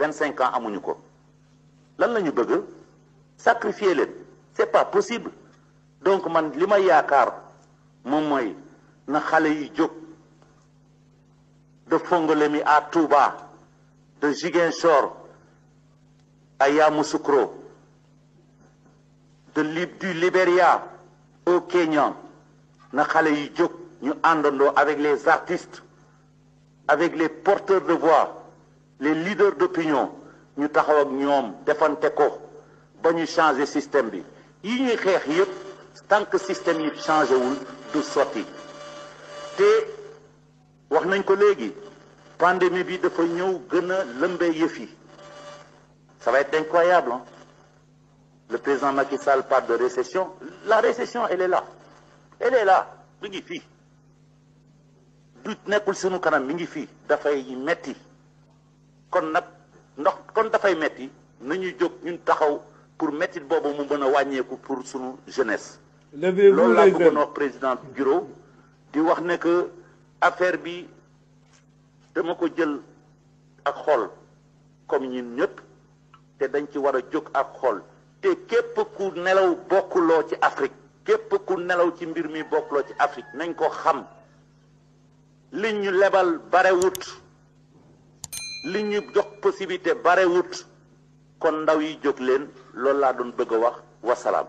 vingt cinq amuñu ko lan la ñu bëgg sacrifier leen c'est pas possible donc man li ma yaakaar moom mooy na xale yi jóg de Fongolemi à Touba de Ziguinchor à Yamoussoukro de li du liberia au Kenya na xale yi jóg ñu àndandoo avec les artistes avec les porteurs de voix les leaders d'opinion ñu taxaw ñoom defante ko ba ñu changer système bi yi ñuy xeex yëpp tant que système yi changé wul du sotti te wax nañ ko léegi pandémie bi dafa ñëw gën a lëmbee yëf yi ça va être incroyable hein? le président Macky Sall parle de récession la récession elle est là elle est là mi ngi fii du nekkul sunu kanam mi ngi fii dafay metti kon nag ndox kon dafay metti nañu jóg ñun taxaw pour mettit boobu mu mën a wàññeeku pour sunu jeunesse. loolu laa bëggoon wax président juróom di wax ne que affaire bi dama ko jël ak xol comme ñun ñëpp te dañ ci war a jóg ak xol te képp ku nelaw bokkuloo ci Afrique képp ku nelaw ci mbir mi bokkuloo ci Afrique nañ ko xam liñ ñu lebal barewut li ñu jox possibilité barewut kon ndaw yi jóg leen loolu laa doon bëgg a wax wasalaam